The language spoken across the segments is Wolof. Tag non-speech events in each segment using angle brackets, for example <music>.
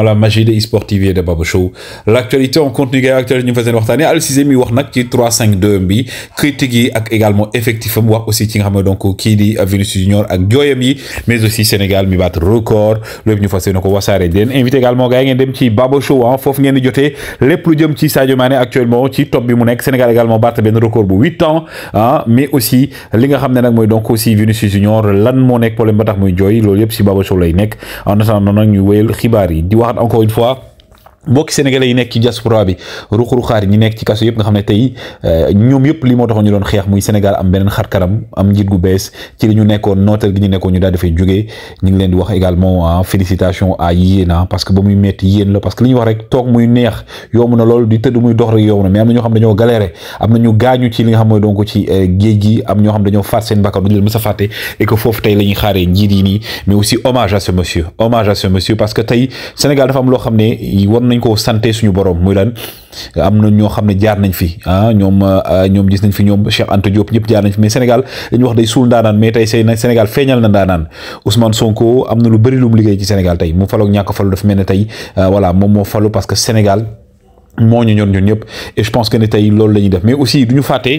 dans la magie de eSport TV et de Baba Show l'actualité en continue gars actualité ñu fas yéene waxtaanee mi wax nak ci 3-5-2 bi critique yi ak également effectif am wax aussi ci nga xam donc kii di Vinicius Junior ak jooyam yi mais aussi Sénégal mi bat record lépp ñu fas yéene ko wasaare di invité également gars yi dem ci Baba Show ah foofu ngeen di jotee lépp lu jëm ci Sadio Mané actuellement ci top bi mu nekk Sénégal également baat ben record bu 8 ans ah mais aussi li nga xam ne nag mooy donc aussi Vinicius Junior lan moo nekk problème ba tax muy jooy loolu yëpp si Baba Show lay nekk en attendant nag ñu wéyal xibaar yi di wax encore une fois, mbokki sénégalais yi nekk ci diaspora bi ruq-ruqaar ñi nekk ci kaso yëpp nga xam ne tey euh, ñoom yëpp li moo taxoon ñu doon xeex muy Sénégal am beneen xarkaram am njit gu bees ci li ñu nekkoon nootal gi ñu nekkoon ñu daal dafay jógee ñu ngi leen di wax également ah, félicitations à yéen parce que ba muy métti yéen la parce que li ñu wax rek toog muy neex yomb na loolu di tëdd muy dox rek yomb na mais am na ñoo xam dañoo galéré am na ñu gaañu ci li nga xam mooy donc ci euh, géej gi am ñoo xam dañoo faat seen bakkan duñu leen mës a fàtte et que foofu tey la ñuy xaaree njiit yi nii mais aussi hommage à ce monsieur hommage à ce monsieur parce que tey Sénégal dafa am loo xam ne nañ ko sante suñu borom muy lan am na ñoo xam ne jaar nañ fi ah ñoom ah, ñoom gis nañ fi ñoom Cheikh Anta Diop ñëpp jaar nañ fi mais Sénégal dañu wax day suul ndaanaan mais tey say Sénégal feeñal na ndaanaan Ousmane Sonko am na lu bëri lu mu liggéey ci Sénégal tey mu faloog ñàkk falu dafa mel ne tey ah, voilà moom moo falu parce que Sénégal moo ñu ñor ñun ñëpp et je pense que ne tey loolu la ñuy def mais aussi du ñu fàtte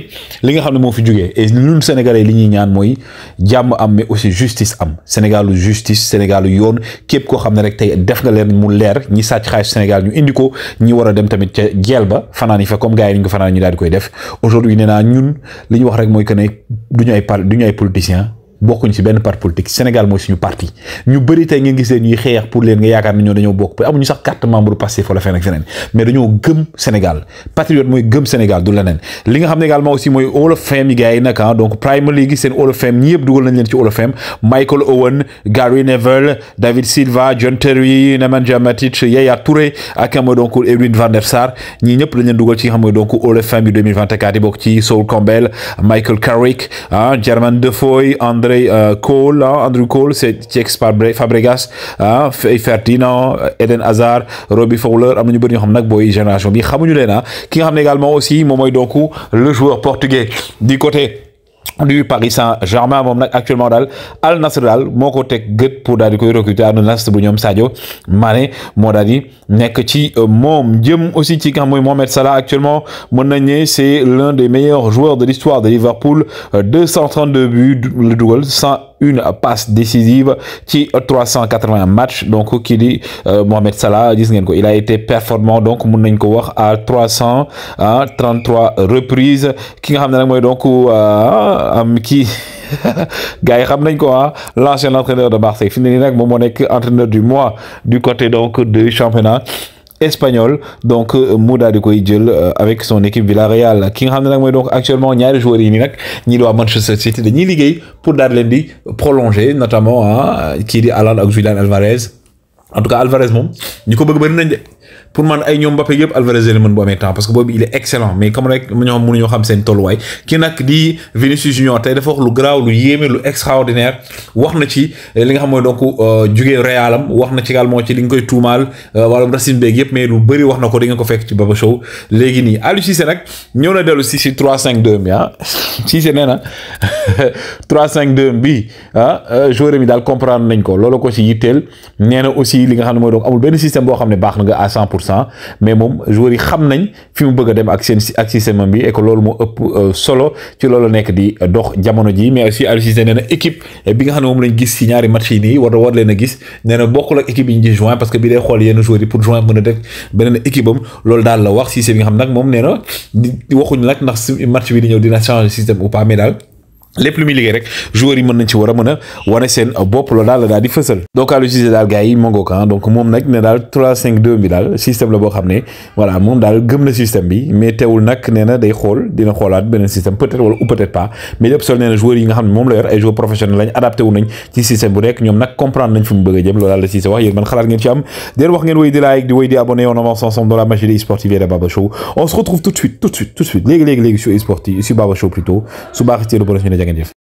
li nga xam ne moo fi jógee et ñun sénégalais li ñuy ñaan mooy jàmm am mais aussi justice am sénégalu justice sénégalu yoon képp koo xam ne rek tey def nga leen mu leer ñi sàcc xaalis Sénégal ñu indi ko ñi war a dem tamit ca jeel ba fanaan yi fa comme gars yi ñu ko fanaan ñu daal di koy def aujourd'hui nee naa ñun li ñu wax rek mooy que ne du ñu ay par du ñu ay politiciens. bokkuñ ci benn parti politique Sénégal mooy suñu parti ñu bëri tey nga gisee ñuy xeex pour leen nga yaakaar ne ñoo dañoo bokk amuñu sax carte membre Pastef wala feneen ak feneen mais dañoo gëm Sénégal patriote mooy gëm Sénégal du leneen li nga xam ne également aussi mooy Hall of Fame yi gars yi nag ah, donc Premier League seen Hall of Fame ñi yëpp dugal nañ leen ci Hall of donc Hall of Fame yi bokk ci Sol Campbell Michael Carrick ah Jermain Andrei euh, Cole, Andrew Cole, c'est Ciex Fabregas, euh, euh, Ferdinand, Eden Hazard, Robbie Fowler am na ñu bëri ñoo génération bi xamuñu leen ah ki également aussi Momoy mooy donc le joueur portugais du côté du Paris Saint-Germain moom nag actuellement dal Al Nassr mon moko tek pour dal recruter Al Nassr bu ñom Sadio Mané mo dal di nek ci euh, mom jëm aussi ci kan moy Mohamed Salah actuellement mën nañ c'est l'un des meilleurs joueurs de l'histoire de Liverpool 232 euh, buts le double, 100, une passe décisive qui 380 matchs donc qui dit euh, Mohamed Salah dis il a été performant donc mon à 333 reprises qui nga donc euh, am qui <laughs> gars yi hein, l'ancien entraîneur de Marseille finalement mon mon entraîneur du mois du côté donc du championnat espagnol donc euh, Mouda di euh, avec son équipe Villarreal qui nga donc actuellement ñaari joueurs yi nii nag ni di Manchester City dañuy Ligue pour dar prolonger notamment à ah, Kylian Alan Alvarez en tout cas Alvarez mon ñu ko pour man ay ñoom Mbappé yëpp Alvarez la mën bu amee temps parce que boobu il est excellent mais comme rek ñoo xam mënuñoo na ci li nga xam mooy donc euh, am wax na ci également ci li nga koy tuumaal euh, wàllum racine beeg yëpp bëri wax na ko di nga ko fekk ci Baba Show léegi nii Aliou Cissé nag ñëw na si si 3-5-2 mi ah <laughs> na 3-5-2 <laughs> bi ah euh, joueur mi daal comprendre nañ ko loolu ko ci yitteel nee aussi li nga xam ne mooy donc amul benn système boo xam ne baax na nga à 100 pour pour cent mais moom joueurs yi xam nañ fi mu bëgg a dem ak seen ak système bi et loolu moo ëpp euh, solo ci loolu nekk di euh, dox jamono ji mais aussi Aliou Cissé nee na équipe euh, bi nga xam ne moom lañ gis si ñaari match yi nii war war leen a gis nee na bokkul ak équipe yi ñu gis parce que bi day xool yenn joueurs yi pour juin mën a def beneen équipe loolu daal la wax Cissé bi nga xam nag moom nee na waxuñ nag ndax match bi di ñëw dina changer système ou pas mais daal lépp lu muy liggéey rek joueur yi mën nañ ci war a mën a wane seen bopp loolu daal la daal di fësal donc Aliou Cissé daal gars yi mangoo ko hein. donc moom nag ne daal 3 5 2 bi daal système la boo xam ne voilà moom daal gëm na système bi mais teewul nag nee na day xool dina xoolaat beneen système peut-être wala ou peut-être pas mais lépp sol nee na joueurs yi nga xam ne moom la yor ay joueurs professionnels lañ adapté wu nañ ci système bu nekk ñoom nag comprendre nañ fi mu bëgg a jëm loolu daal la Cissé wax yéen man xalaat ngeen ci am déen wax ngeen wéy di like di wéy di abonné on avance ensemble dans la magie des sportive et de Baba Show on se retrouve tout de suite tout de suite tout de suite léegi léegi léegi sur sportive sur Baba Show plutôt su baaxitee second GIF.